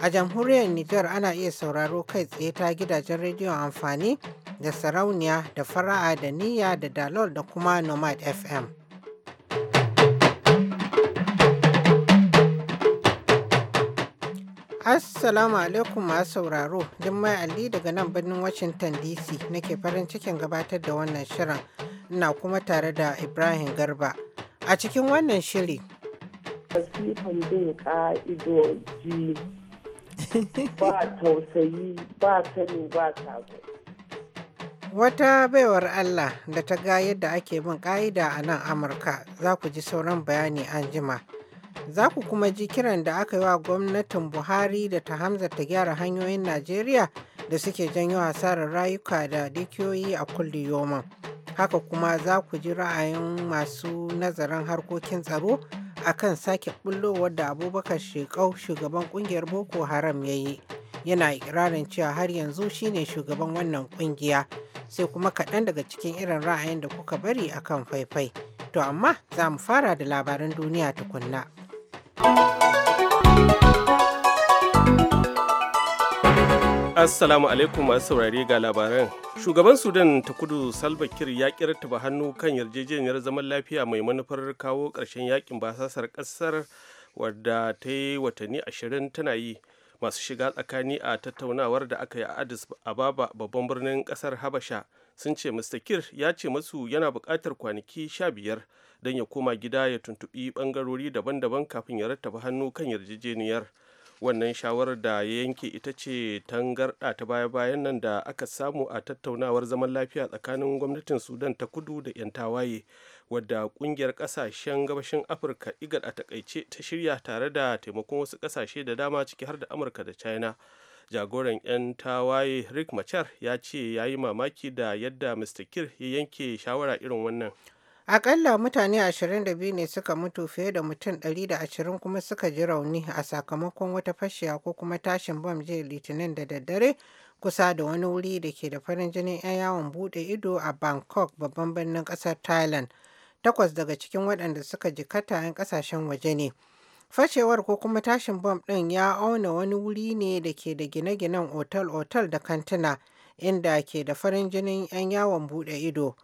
A jamhuriyar Nijar ana iya sauraro kai tsaye ta gidajen rediyon amfani da sarauniya da fara'a da niyya da dalol da kuma nomad FM. Assalamu alaikum masu sauraro, Jummai Ali daga nan birnin Washington DC nake farin cikin gabatar da wannan shirin ina kuma tare da Ibrahim Garba. A cikin wannan shiri. Wasifan ba tausayi ba sani ba sabo. Wata baiwar Allah da ta ga yadda ake bin ƙa'ida a nan Amurka za ku ji sauran bayani an jima. Za ku kuma ji kiran da aka yi wa gwamnatin Buhari da ta hamza ta gyara hanyoyin Najeriya da suke janyo hasarar rayuka da dukiyoyi a kulli yoman. Haka kuma za ku ji ra'ayin masu nazarin harkokin tsaro akan sake bullowar da abubakar shekau shugaban kungiyar boko haram ya yi yana ikirarin cewa har yanzu shine shugaban wannan kungiya sai kuma kaɗan daga cikin irin ra'ayin da kuka bari akan faifai to amma za mu fara da labaran duniya tukunna. Assalamu alaikum masu saurare ga labaran. Shugaban Sudan ta kudu Salva Kiir ya kirtaba hannu kan yarjejeniyar zaman lafiya mai manufar kawo ƙarshen yakin basasar ƙasar wadda ta yi watanni ashirin tana yi masu shiga tsakani a tattaunawar da aka yi a Addis Ababa babban birnin ƙasar Habasha sun ce Mr. kir ya ce masu yana buƙatar kwanaki sha biyar don ya koma gida ya tuntuɓi ɓangarori daban-daban kafin ya rattaba hannu kan yarjejeniyar. wannan shawarar da ya yanke ita ce tangarɗa ta baya-bayan nan da aka samu a tattaunawar zaman lafiya tsakanin gwamnatin sudan ta kudu da 'yan tawaye wadda ƙungiyar ƙasashen gabashin afirka igar a takaice ta shirya tare da taimakon wasu ƙasashe da dama ciki har da amurka da china jagoran 'yan tawaye rick machar ya ce ya yi mamaki da yadda mr kir ya yanke shawara irin wannan Akalla mutane 22 ne suka mutu fiye da mutum 120 kuma suka ji rauni a sakamakon wata fashiya ko kuma tashin bom jiya Litinin da daddare kusa da wani wuri da ke da farin jinin 'yan yawon bude ido a Bangkok babban birnin kasar Thailand. Takwas daga cikin waɗanda suka jikata 'yan kasashen waje ne. Fashewar ko kuma tashin bom ɗin ya auna wani wuri ne da ke da gine-ginen otal-otal da kantina inda ke da farin jinin 'yan yawon bude ido.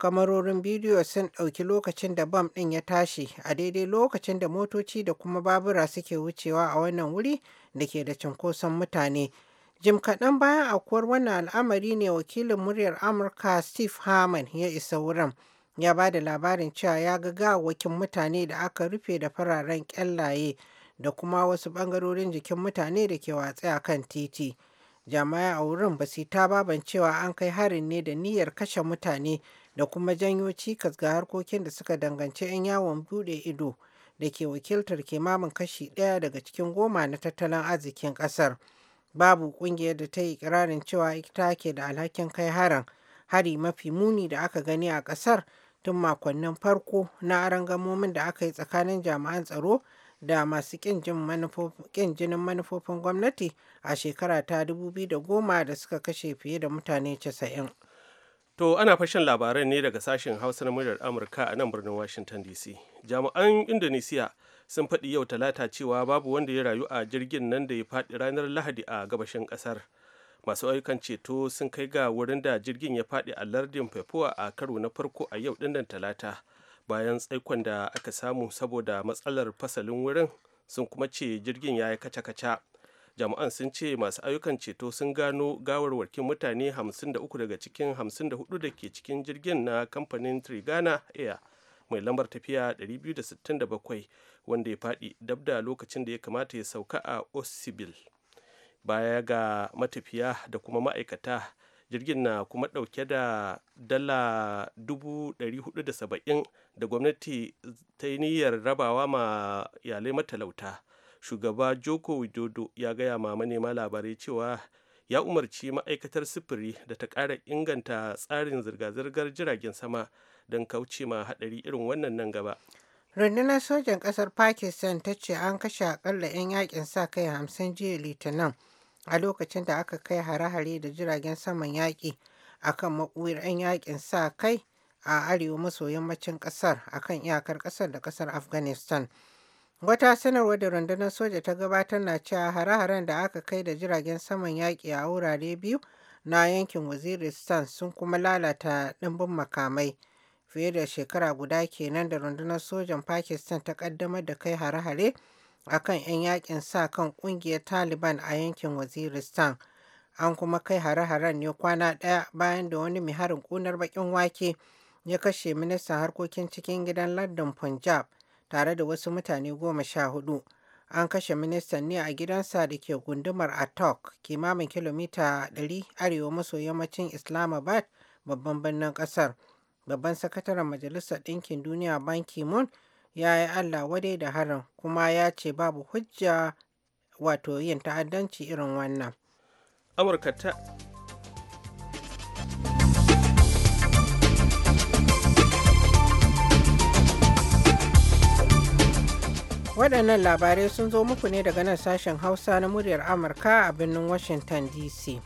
kamarorin bidiyo sun ɗauki lokacin da bam ɗin ya tashi a daidai lokacin da motoci da kuma babura suke wucewa a wannan wuri da ke da cunkoson mutane jim kaɗan bayan akuwar wannan al'amari ne wakilin muryar amurka steve harman ya isa wurin ya ba da labarin cewa ya ga gawakin mutane da aka rufe da fararen ƙyallaye da kuma wasu ɓangarorin jikin mutane da ke watsi a kan titi jama'a a wurin ba su ta baban cewa an kai harin ne da niyyar kashe mutane da kuma janyo cikas ga harkokin da suka danganci 'yan yawon bude ido da ke wakiltar kimamin kashi daya daga cikin goma na tattalin arzikin kasar, Babu ƙungiyar da ta yi kirarin cewa ita ke da alhakin kai harin hari mafi muni da aka gani a kasar tun makonnin farko na arangamomin da aka yi tsakanin jami'an tsaro da masu ƙin jinin manufofin gwamnati a shekara ta 2010 da suka kashe fiye da mutane 90. To ana fashin labaran ne daga sashen Hausa na muryar Amurka a nan birnin Washington DC. Jami'an Indonesia sun faɗi yau talata cewa babu wanda ya rayu a jirgin nan da ya faɗi ranar Lahadi a gabashin ƙasar. Masu ayyukan ceto sun kai ga wurin da jirgin ya faɗi a lardin Papua a karo na farko a yau ɗinnan talata. Bayan tsaikon da aka samu saboda matsalar fasalin wurin sun kuma ce jirgin ya yi kaca-kaca. jami'an sun ce masu ayyukan ceto sun gano gawarwarkin mutane 53 daga cikin 54 da ke cikin jirgin na kamfanin trigana air mai lambar tafiya 267 wanda ya faɗi dabda lokacin da ya kamata ya sauka a osibil baya ga matafiya da kuma ma'aikata jirgin na kuma ɗauke da dala 470 da gwamnati ta yi niyyar rabawa ma iyalai matalauta shugaba joko widodo ya gaya ma manema labarai cewa ya umarci ma'aikatar sufuri da ta kara inganta tsarin zirga-zirgar jiragen sama don kauce ma haɗari irin wannan nan gaba rundunar sojan ƙasar pakistan ta ce an kashe akalla 'yan yakin sa kai hamsin jiya litinin a lokacin da aka kai hare-hare da jiragen saman yaƙi kan makuwar 'yan yakin sa kai a arewa maso yammacin ƙasar kan iyakar ƙasar da ƙasar afghanistan Wata sanarwar da rundunar soja ta gabatar na cewa hare-haren da aka kai da jiragen saman yaƙi a wurare biyu na yankin Waziristan sun kuma lalata ɗimbin makamai. Fiye da shekara guda kenan da rundunar sojan Pakistan ta ƙaddamar da kai hare-hare a kan 'yan yaƙin sa kan ƙungiyar Taliban a yankin Waziristan. An kuma kai hare-haren ne kwana ɗaya bayan da wani mai harin ƙunar baƙin wake ya kashe ministan harkokin cikin gidan lardin Punjab. tare da wasu mutane goma sha hudu an kashe ministan ne a gidansa da ke gundumar atok kimamin kilomita 100 arewa maso yammacin islamabad babban birnin ƙasar, babban sakataren majalisar ɗinkin duniya ban ki ya yi allah wadai da harin kuma ya ce babu hujja wato yin ta'addanci irin wannan amurka ta waɗannan labarai sun zo muku ne daga nan sashen hausa na muryar amurka a birnin washington dc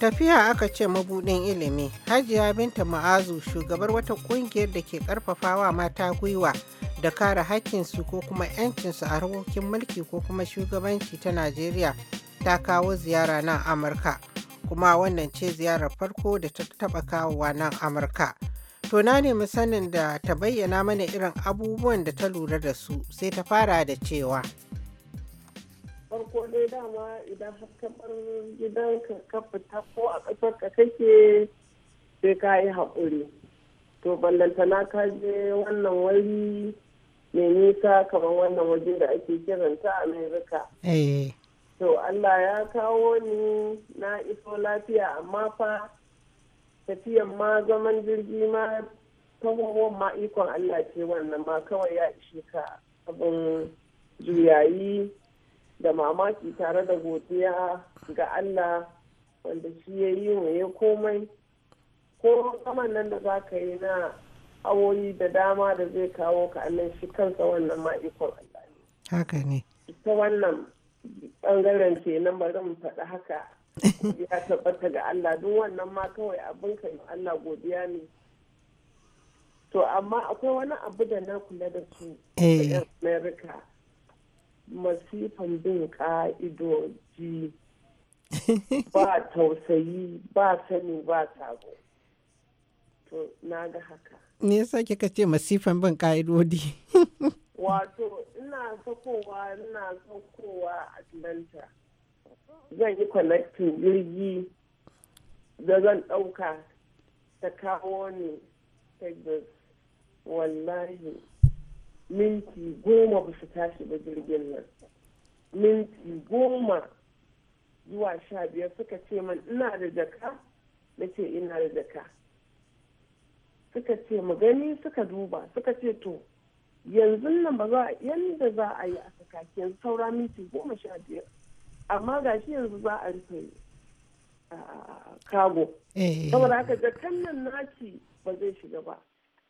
tafiya aka ce mabuɗin ilimi hajiya binta ma'azu shugabar wata ƙungiyar da ke karfafawa mata gwiwa da kare haƙƙinsu ko kuma 'yancinsu a harkokin mulki ko kuma shugabanci ta najeriya ta kawo ziyara nan amurka kuma wannan ce ziyarar farko da ta taɓa kawowa nan amurka to na nemi sanin da ta bayyana mana irin abubuwan da ta lura da su sai ta fara da cewa farko dai dama idan har ka bar ka ko a ƙasar ka kake sai ka yi haƙuri to ballantana ka je wannan wari mai nisa kamar wannan waje da ake kiranta amerika eh. to Allah ya kawo ni na iso lafiya amma fa tafiyan ma zaman jirgi ma tahowar ma ikon Allah ce wannan ma kawai ya ishe ka abin juyayi da mamaki tare da godiya ga Allah wanda shi ya yi ya komai ko saman nan da za ka yi na awoyi da dama da zai kawo ka Allah shi kansa wannan ma ikon Allah ne. Haka ne. Ita wannan bangaren nan bari mu faɗi haka ya tabbata ga Allah duk wannan ma kawai abin ka Allah godiya ne to amma akwai wani abu da na kula da su eh. America masifan bin ka'idoji ba tausayi ba sani ba sabo to na ga haka ne sa kika ce masifan bin ka'idodi wato ina sakowa ina sakowa atlanta zan yi connecting jirgi da zan ɗauka ta kawo ne texas wallahi minti goma ba su tashi ba jirgin nan minti goma zuwa sha biyar suka ce man ina da jaka na ce ina da jaka suka ce mu gani suka duba suka ce to yanzu nan ba za yanda za a yi a sakaki, yanzu saura minti goma sha biyar amma ga shi yanzu za a rufe kago eh. saboda haka jakan nan naci ba zai shiga ba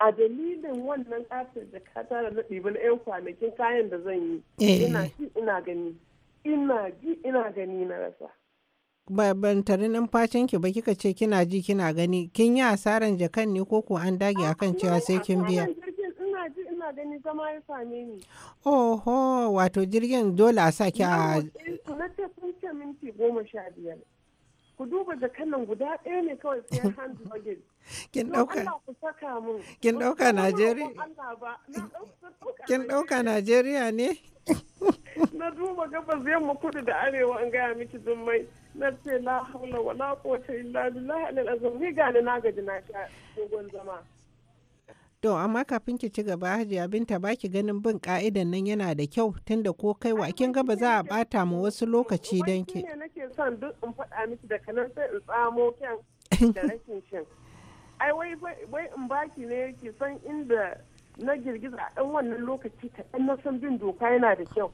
a dalilin wannan katin da ka tara na na yan kwanakin kayan da zan yi eh. ina ji ina gani ina ji ina gani na rasa ban tare numfashin ki ba kika ce kina ji kina gani kin yi asaran jakan ne ko ko an dage akan cewa sai kin biya ina gani zama ya same ni. Oho, wato jirgin dole a sake a... Eh, na ce sun ce minti goma sha biyar. Ku duba da kanan guda ɗaya ne kawai sai hand luggage. Kin ɗauka? Kin ɗauka Najeriya? Kin ɗauka Najeriya ne? Na duba gabas yamma kudu da arewa an gaya miki mai. na ce la haula wala quwwata illa billah alal azim ni ga na gaji na sha dogon zama To amma kafin ki ci gaba Hajiya Binta ba ki ganin bin ka'idan nan yana da kyau tunda ko kai wa kin ga ba za a bata mu wasu lokaci don ki. nake son duk in faɗa miki da kanan sai in tsamo kyan da rashin Ai wai wai in baki ne ki san inda na girgiza a ɗan wannan lokaci ɗan na san bin doka yana da kyau.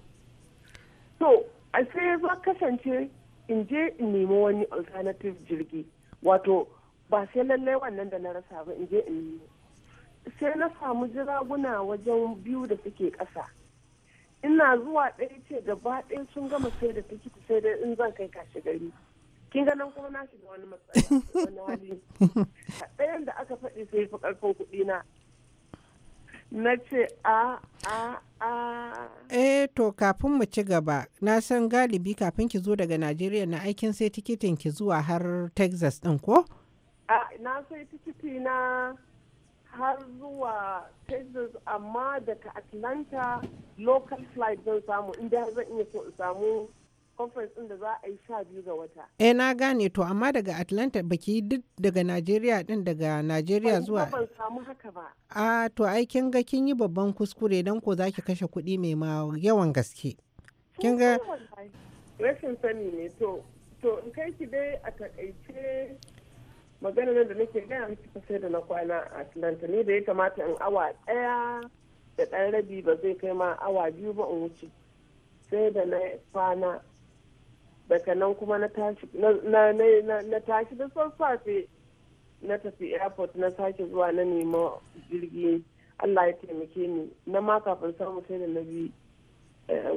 To a sai ya za kasance in je in nemi wani alternative jirgi wato ba sai lallai wannan da na rasa ba in je in nemi. sai na samu jiraguna wajen biyu da suke ƙasa ina zuwa ɗaya ce gaba ɗaya sun gama sai da tikiti sai dai in zan kai kashi gari kin ganin kuma na shiga wani matsala wani hali ɗayan da aka faɗi sai fi ƙarfin kuɗi na na ce a a a eh to kafin mu ci gaba na san galibi kafin ki zo daga najeriya na aikin sai tikitin ki zuwa har texas ɗin ko a na sai tikiti na har zuwa Texas amma daga Atlanta local flight zan samu inda zan iya so in samu conference din da za a yi sha biyu ga wata. Eh na gane to amma daga Atlanta baki duk daga nigeria din daga nigeria zuwa. Ban samu haka ba. A to ai kin ga kin yi babban kuskure dan ko zaki kashe kuɗi mai ma yawan gaske. Kin ga rashin sani ne to to in kai ki dai a takaice maganar da nake gaya miki sai da na kwana a atlanta ne da ya kamata in awa daya da ɗan rabi ba zai kai ma awa biyu ba in wuce sai da na kwana daga nan kuma na tashi na tashi da sassafe na tafi airport na sake zuwa na nemo jirgi allah ya taimake ni na ma kafin samu sai da na bi eh,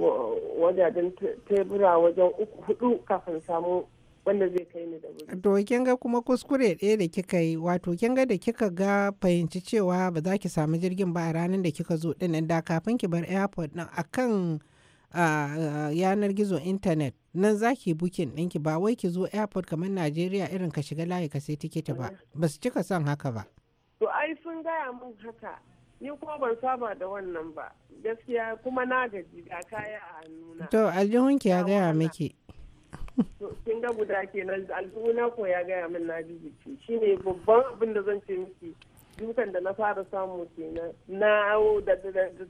wajajen tebura wajen uku hudu kafin samu wanda zai kai ni da wuri. To kin ga kuma kuskure ɗaya da kika yi wato kin ga da kika ga fahimci cewa ba za ki samu jirgin ba a ranar da kika zo ɗin da kafin ki bar airport ɗin akan yanar gizo intanet nan za ki bukin ɗinki ba wai ki zo airport kamar Najeriya irin ka shiga layi ka sai tiketi ba ba su cika son haka ba. To ai sun gaya mun haka ni kuma ban saba da wannan ba gaskiya kuma na gaji ga kaya a hannuna. To aljihunki ya gaya miki. kin ga guda kenan al'umma ko ya gaya min na ji jiki shine babban abin da zan ce miki dukan da na fara samu kenan na awo da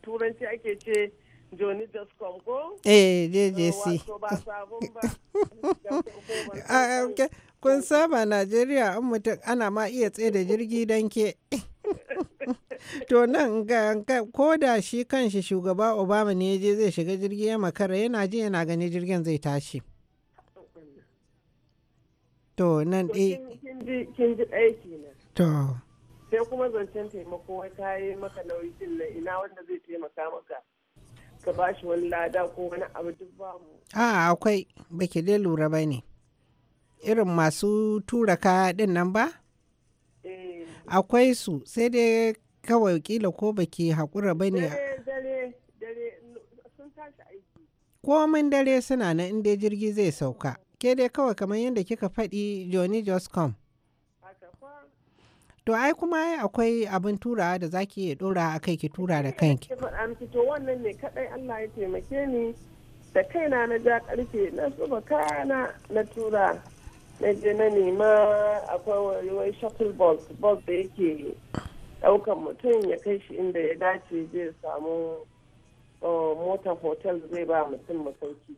turanci ake ce joni jascom ko eh jjc eh, ba sabon ba ah, kun saba najeriya an mutum ana ma iya tsaye da jirgi don ke to nan ko da shi kanshi shugaba obama ne ya je zai shiga jirgi ya makara yana ji yana gani jirgin zai tashi To nan ɗi. Eh. Kin ji ɗaya ne. To. Sai kuma zancen taimako wai ka yi maka nauyi din nan ina wanda zai taimaka maka. Ka ba shi wani lada ko wani abu duk ba mu. A akwai baki dai lura ba ne. Irin masu tura ka din nan ba? Eh. Akwai su sai dai kawai kila ko baki haƙura ba ne. Dare, dare, sun tashi aiki. Komin dare suna na inda jirgi zai sauka. ke dai kawai kamar yadda kika faɗi Johnny Joscom. To ai kuma akwai abin turawa da zaki iya dora a kai ki tura da kanki. to wannan ne kadai Allah ya taimake ni da kaina na ja karfe na zuba kana na tura na je na nema akwai wani shuttle bus bus da yake daukan mutum ya kai shi inda ya dace zai samu eh, mota hotel zai ba mutum masauki.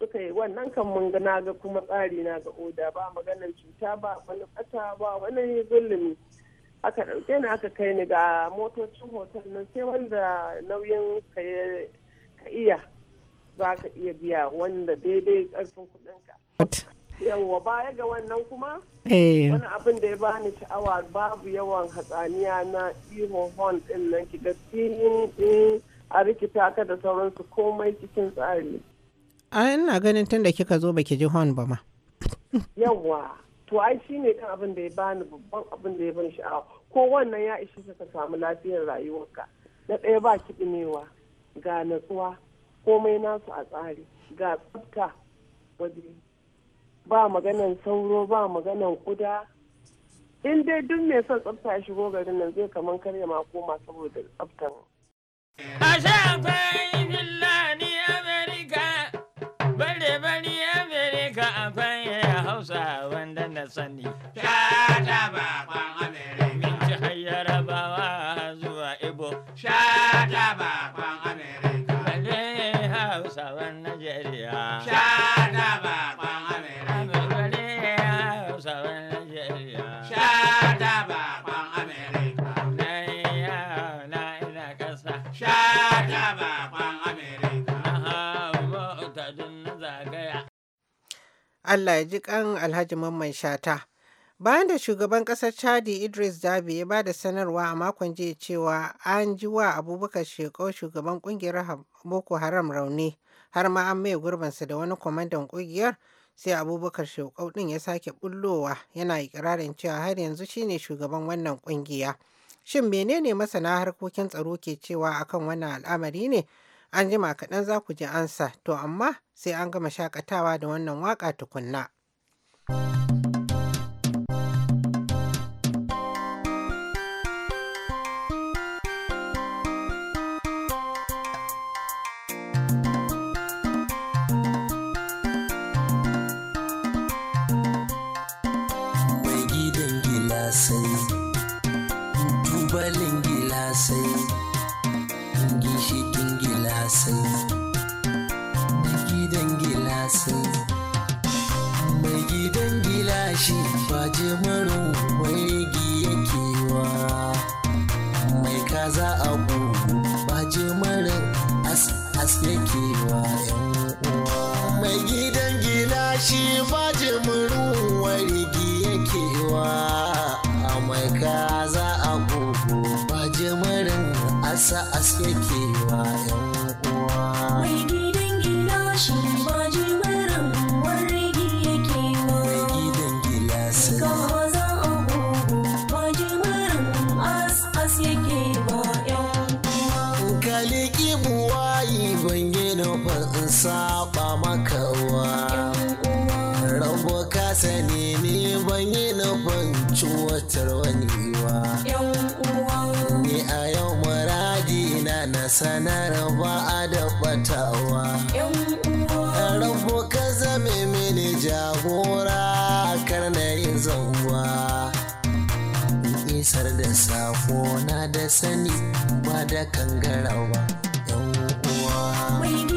suka yi wannan kan mun ga kuma tsari na ga oda ba maganar cuta ba wani bata ba wani zulumi aka ɗauke ni aka kai ni ga motocin hotel nan sai wanda nauyin ka iya za ka iya biya wanda daidai ƙarfin kuɗinka. yawwa baya ga wannan kuma eh. wani abin da ya bani sha'awa babu yawan hatsaniya na ihon horn din nan ki ga a rikita ka da sauransu komai cikin tsari a ina ganin tun da kika zo baki ji hon ba ma yawwa to ai shi ne kan abin da ya bani babban abin da ya ban sha'awa ko wannan ya ishe ka samu lafiyar rayuwarka na ɗaya ba ki kiɗimewa ga natsuwa komai nasu a tsari ga tsabta waje ba maganan sauro ba maganan kuda in dai duk mai son tsafta ya shigo garin nan zai kamar karya ma koma saboda tsaftan. bare bari Amerika ya Hausa wanda na sani. ba bakwan Allah ya ji kan Alhaji Mamman Shata. Bayan da shugaban ƙasar Chadi Idris Dabi ya ba da sanarwa a makon jiya cewa an ji wa abubakar sheko shugaban ƙungiyar Boko Haram rauni har ma an mai gurbinsa da wani kwamandan ƙungiyar sai abubakar sheko ɗin ya sake bullowa yana ikirarin cewa har yanzu shine shugaban wannan ƙungiya. Shin menene masana harkokin tsaro ke cewa akan wannan al'amari ne? An jima kaɗan za ku ji ansa, to amma sai an gama shakatawa da wannan waƙa tukunna. Mai gidan gilasai, tubalin gilasin mai gidan gilasin mai gidan gilashi kawa rabo ka sani ni ban yi nufin cuwatar wani wa ni a yau muradi na na sanar ba a da batawa rabo ka zame mini jagora kar na yi zauwa isar da safo na da sani ba da kangarawa yan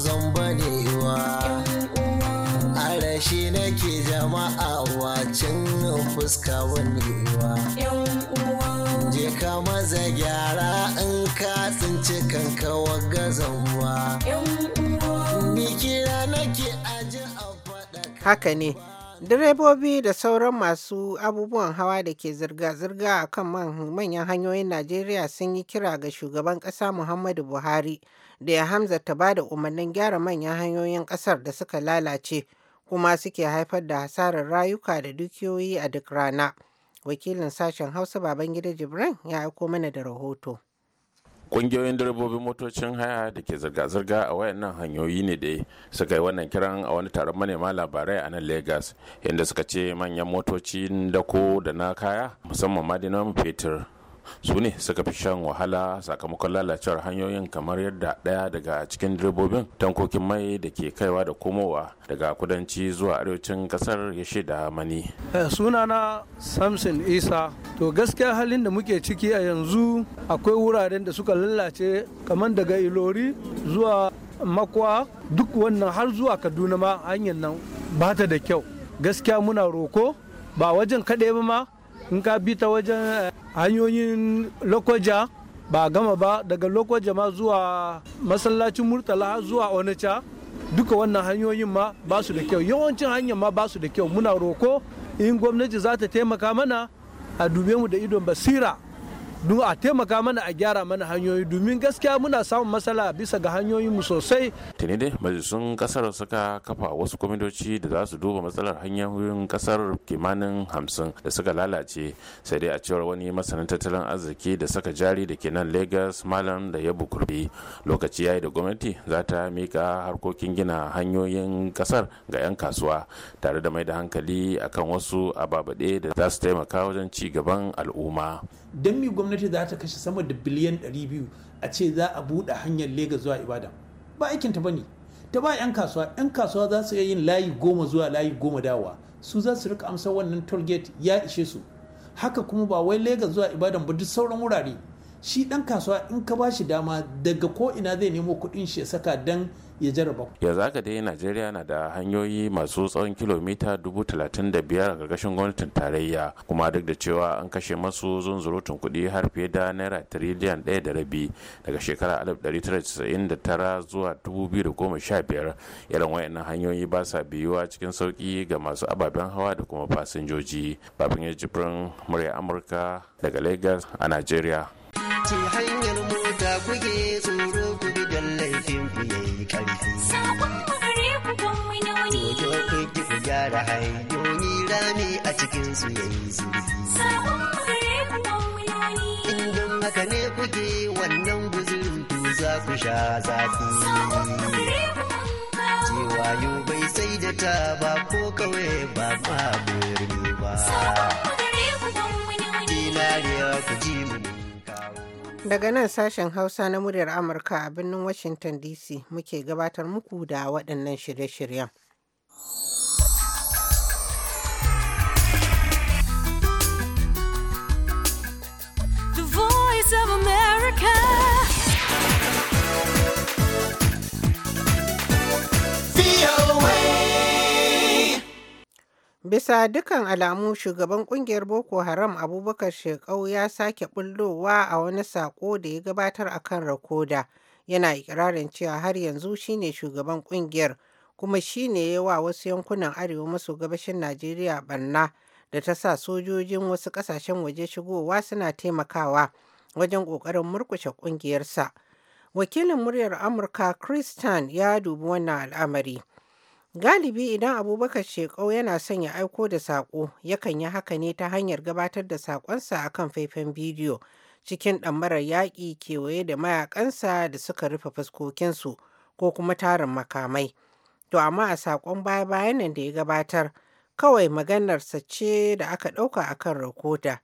zan wa a rashi nake jama'a wacin fuska wa je ka maza gyara in ka tsinci kanka wagga zanwa nake a haka ne direbobi da sauran masu abubuwan hawa da ke zirga-zirga a kan manyan hanyoyin najeriya sun yi kira ga shugaban ƙasa muhammadu buhari da ya hamzata ba da umarnin gyara manyan hanyoyin kasar da suka lalace kuma suke haifar da hasarar rayuka da dukiyoyi a duk rana. Wakilin sashen Hausa Babangida Jibran ya aiko mana da rahoto. kungiyoyin direbobin motocin haya da ke zirga-zirga a wayannan hanyoyi ne da suka yi wannan kiran a wani taron manema labarai a nan legas inda suka ce manyan motocin dako da na kaya musamman ma fetur su ne suka fi shan wahala sakamakon lalacewar hanyoyin kamar yadda ɗaya daga cikin direbobin tankokin mai da ke kaiwa da komowa daga kudanci zuwa arewacin kasar ya shida mani eh, sunana samson isa to gaskiya halin da muke ciki a yanzu akwai wuraren da suka lalace kamar daga ilori zuwa makwa duk wannan har zuwa kaduna ma hanyar nan ba ta da kyau gaskiya muna roko ba wajen kaɗai ba ma in ka bi ta wajen eh, hanyoyin lokoja ba gama ba daga lokoja ma zuwa masallacin murtala zuwa onacha duka wannan hanyoyin ma ba su da kyau yawancin hanyar ma ba su da kyau muna roko in gwamnati za ta taimaka mana a dube mu da idon basira dun a taimaka mana a gyara mana hanyoyi domin gaskiya muna samun matsala bisa ga hanyoyin mu sosai. Tuni dai majalisun kasar suka kafa wasu kwamitoci da za su duba matsalar hanyoyin kasar kimanin hamsin da suka lalace sai dai a cewar wani masanin tattalin arziki da saka jari da kenan nan Lagos Malam da Yabu Kurbi lokaci yayi da gwamnati za ta mika harkokin gina hanyoyin kasar ga 'yan kasuwa tare da mai da hankali akan wasu ababade da za su taimaka wajen ci gaban al'umma. don mi gwamnati za ta kashe sama da biliyan 200 a ce za a buɗe hanyar Legas zuwa Ibadan ba aikin ta bane ta ba 'yan kasuwa 'yan kasuwa za su iya yin layi goma zuwa layi goma dawa su za su rika amsa wannan toll ya ishe su haka kuma ba wai Legas zuwa Ibadan ba duk sauran wurare shi dan kasuwa in ka ba shi dama daga ko ina zai nemo kuɗin shi ya saka dan ya jarraba ya zaka dai najeriya na da hanyoyi masu tsawon kilomita dubu talatin da biyar a gargashin gwamnatin tarayya kuma duk da cewa an kashe masu zunzurutun kuɗi har fiye da naira tiriliyan ɗaya da rabi daga shekara tara zuwa sha biyar irin wayannan hanyoyi ba sa biyuwa cikin sauki ga masu ababen hawa da kuma fasinjoji babin ya jibrin murya amurka daga lagos a najeriya ra'ayoyi rami a cikin su yayi zurfi in don haka ne kuke wannan guzurin ku za ku sha zafi cewa yau bai sai da ta ba ko kawai ba ma birni ba ku ji mu Daga nan sashen Hausa na muryar Amurka a birnin Washington DC muke gabatar muku da waɗannan shirye-shiryen. Bisa dukkan alamu shugaban kungiyar Boko Haram Abubakar Shekau ya sake bullowa a wani sako da ya gabatar a kan rakoda. Yana ikirarin cewa har yanzu shine shugaban kungiyar kuma shine ya wa wasu yankunan arewa maso gabashin Najeriya barna da ta sa sojojin wasu kasashen waje shigowa suna taimakawa. wajen ƙoƙarin murkushe ƙungiyarsa. Wakilin muryar Amurka Christian ya dubi wannan al'amari. Galibi idan Abubakar Shekau yana son ya aiko da saƙo, yakan yi haka ne ta hanyar gabatar da saƙonsa a kan faifan bidiyo cikin ɗamarar yaƙi kewaye da mayaƙansa da suka rufe fuskokinsu ko kuma tarin makamai. To amma a saƙon baya-bayan nan da ya gabatar, kawai maganarsa ce da aka ɗauka a kan rikoda.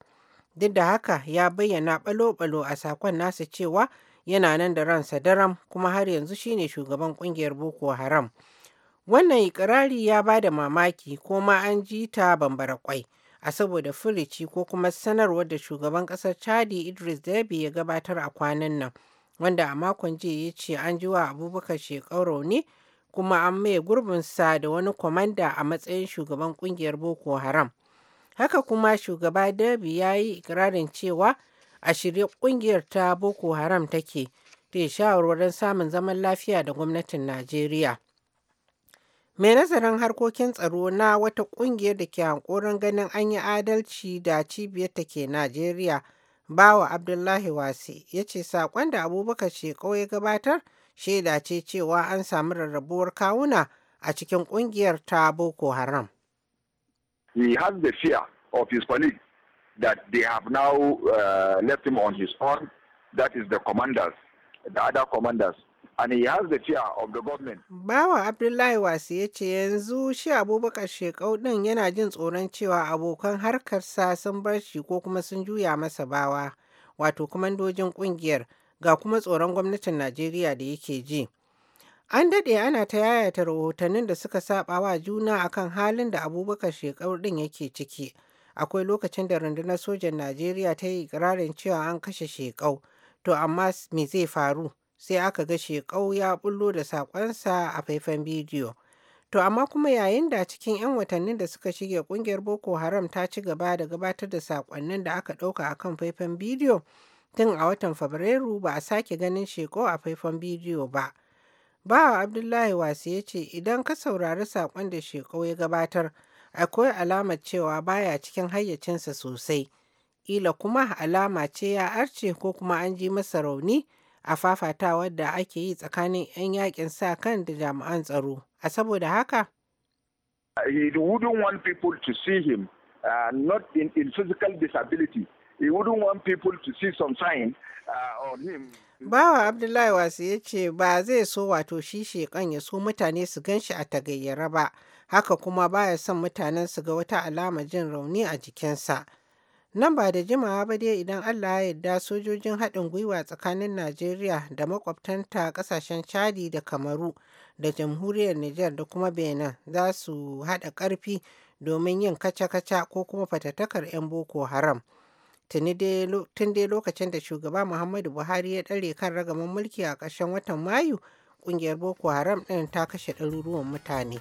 Duk da haka ya bayyana balo-balo a sakon nasa cewa yana nan da ransa daram kuma har yanzu shine shugaban kungiyar Boko Haram. Wannan ikirari ya ba da mamaki ko ma an ji ta bambara kwai a saboda furici ko kuma sanarwar da shugaban kasar Chadi Idris debi ya gabatar a kwanan nan wanda a makon jiya ya ce an ji wa abubakar shekaru ne kuma an maye gurbinsa da wani kwamanda a matsayin shugaban kungiyar Boko Haram. Haka kuma shugaba Derby ya yi ikirarin cewa a shirye kungiyar ta Boko Haram take da ya shawarwarin samun zaman lafiya da gwamnatin Najeriya. Mai nazarin harkokin tsaro na wata kungiyar da ke haƙorin ganin an yi adalci da cibiyar ta ke Najeriya bawa Abdullahi Wasi ya ce saƙon da abubakar shekau ya gabatar shaida ce cewa an samu rarrabuwar kawuna a cikin kungiyar ta Boko Haram. he has the fear of his colleagues that they have now uh, left him on his own. That is the commanders, the other commanders. And he has the fear of the government. Bawa Abdullahi Wasu ya ce yanzu shi abubakar shekau ɗin yana jin tsoron cewa abokan harkarsa sun bar shi ko kuma sun juya masa bawa, wato kwamandojin ƙungiyar ga kuma tsoron gwamnatin Najeriya da yake ji. An daɗe ana ta yayata rahotannin da suka saba wa juna akan halin da abubakar shekau ɗin yake ciki. Akwai lokacin da rundunar sojan Najeriya ta yi ikirarin cewa an kashe shekau. To amma me zai faru? Sai aka ga shekau ya bullo da saƙonsa a faifan bidiyo. To amma kuma yayin da cikin 'yan watannin da suka shige ƙungiyar Boko Haram ta ci gaba da gabatar da saƙonnin da aka ɗauka akan faifan bidiyo tun a watan Fabrairu ba a sake ganin shekau a faifan bidiyo ba. Bawa Abdullahi Wasi ya ce idan ka saurari saƙon da Shekau ya gabatar, akwai alamar cewa baya cikin hayyacinsa sosai. Ƙila kuma alama ce ya arce ko kuma an ji masa rauni a fafatawar da ake yi tsakanin 'yan yakin sa kan da jami'an tsaro. A saboda haka. He wouldn't want people to see him uh, not in, in physical disability. He wouldn't want people to see some sign uh, on him. Bawa Abdullahi Wasu ya ce ba zai so wato shi shekan ya so mutane su gan shi a tagayyara ba, haka kuma ba ya son mutanen su ga wata alama jin rauni a jikinsa. Nan ba da jimawa ba dai idan Allah ya yarda sojojin haɗin gwiwa tsakanin Najeriya da makwabtanta ƙasashen Chadi da Kamaru da jamhuriyar Nijar da kuma Benin za su haɗa ƙarfi domin yin kaca-kaca ko kuma fatattakar 'yan Boko Haram. tun dai lokacin da shugaba muhammadu buhari ya ɗare kan ragaman mulki a ƙarshen watan mayu ƙungiyar boko haram ɗin ta kashe ɗaruruwan mutane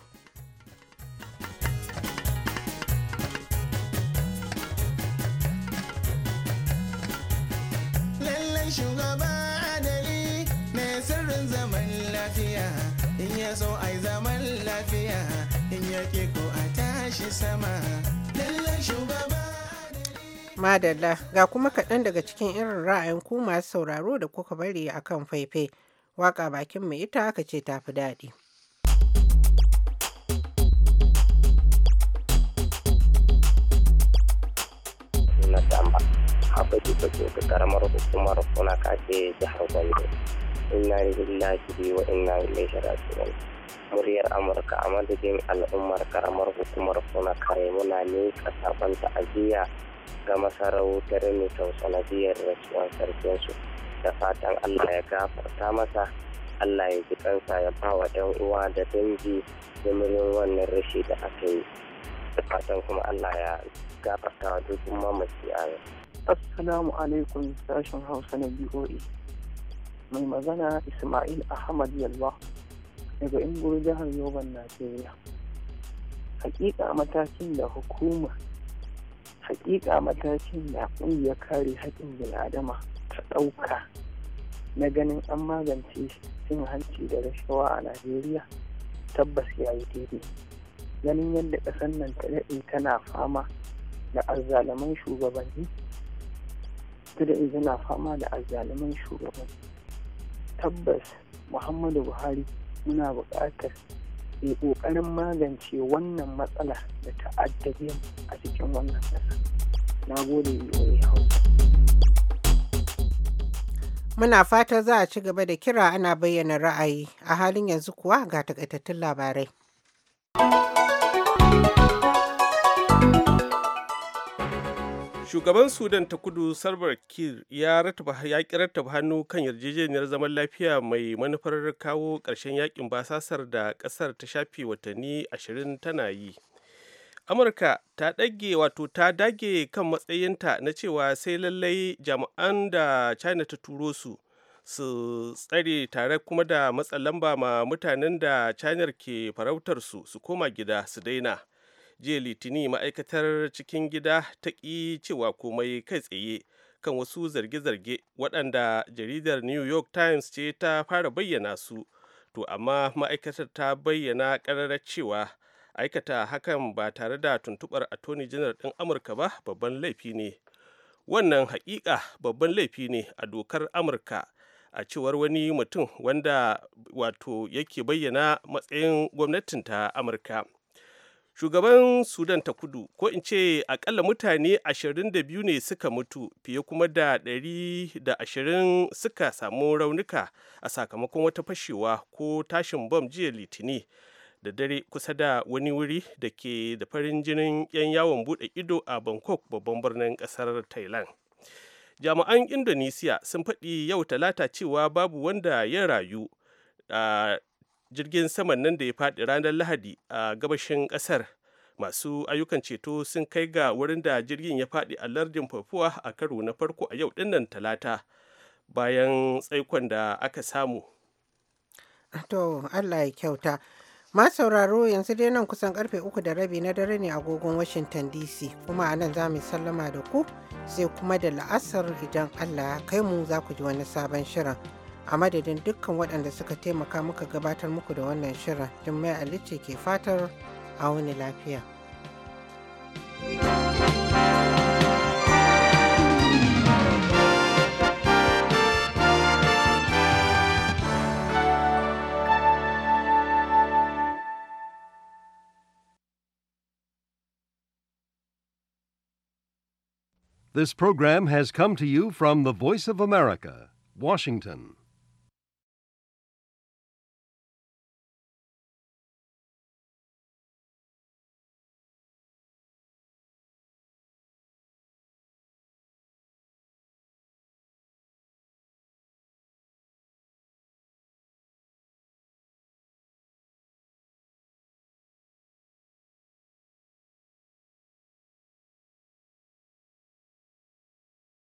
lallai shugaba adali mai sirrin zaman lafiya in ya so ai zaman lafiya in ya ko a tashi sama lallai shugaba Madalla ga kuma kaɗan daga cikin irin ra'ayin ku masu sauraro da kuka bari a kan faifai. Waka bakin mai ita aka ce fi daɗi. Na damba, karamar hukumar kuna kace jihar Gombe. Inna lillahi wa inna ilaihi raji'un. muryar amurka a madadin al'ummar karamar hukumar kuna kare muna ne sabon ta'aziyya ga masarautar mitau sanadiyar rasuwan sarkinsu da fatan allah ya gafarta masa allah ya ji kansa ya ba wa dan uwa da dangi jimirin wannan rashi da aka yi da fatan kuma allah ya gafarta wa duk mamaki a yau assalamu alaikum sashen hausa na boe mai magana ismail ahmad yalwa daga inguru jihar yoban najeriya hakika matakin da hukumar hakika matakin da ƙungiyar kare haƙƙin Adama ta ɗauka na ganin an magance cin hanci da rashawa a najeriya tabbas ya yi daidai ganin yadda ƙasar nan ta daɗe tana fama da azzalaman shugabanni ta daɗe tana fama da azzalaman shugabanni tabbas muhammadu buhari muna buƙatar ke ƙoƙarin magance wannan matsala da ta'addabi a cikin wannan ƙasa. Na gode hau. Muna fata za a ci gaba da kira ana bayyana ra'ayi a halin yanzu kuwa ga takaitattun labarai. shugaban sudan ta kudu salvar kiir ya ki rattaba hannu kan yarjejeniyar zaman lafiya mai manufar kawo ƙarshen yakin basasar da ƙasar ta shafe watanni 20 tana yi amurka ta ɗage wato ta dage kan matsayinta na cewa sai lallai jami'an da china ta turo su su tsare tare kuma da matsa lamba ma mutanen da china ke farautar su su koma gida su daina jiya litini ma'aikatar cikin gida ta ƙi cewa komai kai tsaye kan wasu zarge-zarge waɗanda jaridar new york times ce ta fara bayyana su to amma ma'aikatar ta bayyana ƙararra cewa aikata hakan ba tare da tuntuɓar attorney general ɗin amurka ba babban laifi ne wannan haƙiƙa babban laifi ne a dokar amurka a cewar wani mutum wanda wato yake bayyana matsayin gwamnatin ta amurka shugaban sudan ta kudu ko in ce akalla mutane ashirin da biyu ne suka mutu fiye kuma da 120 suka samu raunuka a sakamakon wata fashewa ko tashin bom jiya litini da dare kusa da wani wuri da ke da farin jinin 'yan yawon bude ido a bangkok babban birnin kasar thailand jami'an indonesia sun faɗi yau talata cewa babu wanda ya rayu ah, jirgin saman nan da ya faɗi ranar lahadi a gabashin ƙasar masu ayyukan ceto sun kai ga wurin da jirgin ya faɗi a lardin fafuwa a karo na farko a yau dinnan talata bayan tsaikon da aka samu to allah ya kyauta ma sauraro yanzu dai nan kusan karfe uku da rabi na dare ne agogon washington dc kuma a nan za mu sallama da ku sai kuma da la'asar idan allah ya kai mu za ku ji wani sabon shirin a madadin dukkan waɗanda suka taimaka muka gabatar muku da wannan shirin mai alice ke fatar a wani lafiya. This program has come to you from the Voice of America, Washington.